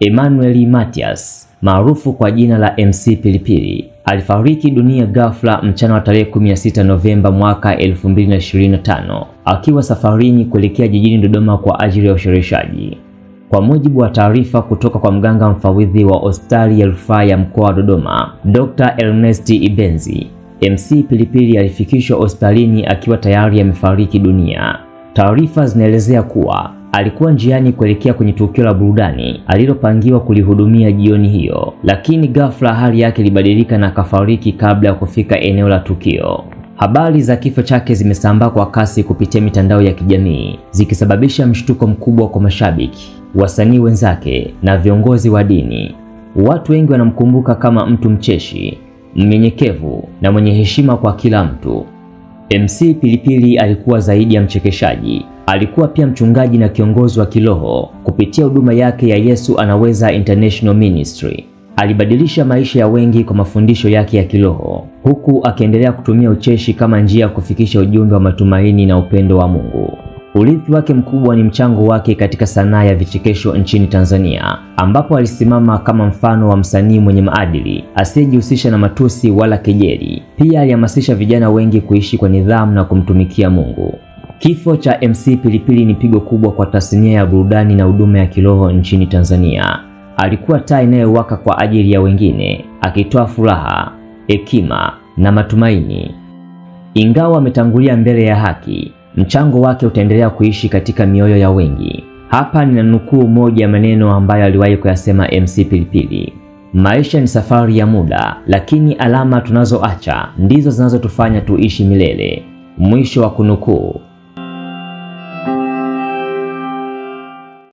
Emmanuel Matias maarufu kwa jina la MC Pilipili alifariki dunia ghafla mchana wa tarehe 16 Novemba mwaka 2025 akiwa safarini kuelekea jijini Dodoma kwa ajili ya ushereheshaji. Kwa mujibu wa taarifa kutoka kwa mganga mfawidhi wa hospitali ya rufaa ya mkoa wa Dodoma, Dr. Ernest Ibenzi, MC Pilipili alifikishwa hospitalini akiwa tayari amefariki dunia. Taarifa zinaelezea kuwa Alikuwa njiani kuelekea kwenye tukio la burudani alilopangiwa kulihudumia jioni hiyo, lakini ghafla hali yake ilibadilika na akafariki kabla ya kufika eneo la tukio. Habari za kifo chake zimesambaa kwa kasi kupitia mitandao ya kijamii zikisababisha mshtuko mkubwa kwa mashabiki, wasanii wenzake na viongozi wa dini. Watu wengi wanamkumbuka kama mtu mcheshi, mnyenyekevu na mwenye heshima kwa kila mtu. MC Pilipili alikuwa zaidi ya mchekeshaji. Alikuwa pia mchungaji na kiongozi wa kiroho. Kupitia huduma yake ya Yesu Anaweza International Ministry, alibadilisha maisha ya wengi kwa mafundisho yake ya kiroho, huku akiendelea kutumia ucheshi kama njia ya kufikisha ujumbe wa matumaini na upendo wa Mungu. Urithi wake mkubwa ni mchango wake katika sanaa ya vichekesho nchini Tanzania, ambapo alisimama kama mfano wa msanii mwenye maadili asiyejihusisha na matusi wala kejeli. Pia alihamasisha vijana wengi kuishi kwa nidhamu na kumtumikia Mungu. Kifo cha MC Pilipili ni pigo kubwa kwa tasnia ya burudani na huduma ya kiroho nchini Tanzania. Alikuwa taa inayowaka kwa ajili ya wengine, akitoa furaha, hekima na matumaini. Ingawa ametangulia mbele ya haki, mchango wake utaendelea kuishi katika mioyo ya wengi. Hapa ninanukuu moja ya maneno ambayo aliwahi kuyasema MC Pilipili: maisha ni safari ya muda, lakini alama tunazoacha ndizo zinazotufanya tuishi milele. Mwisho wa kunukuu.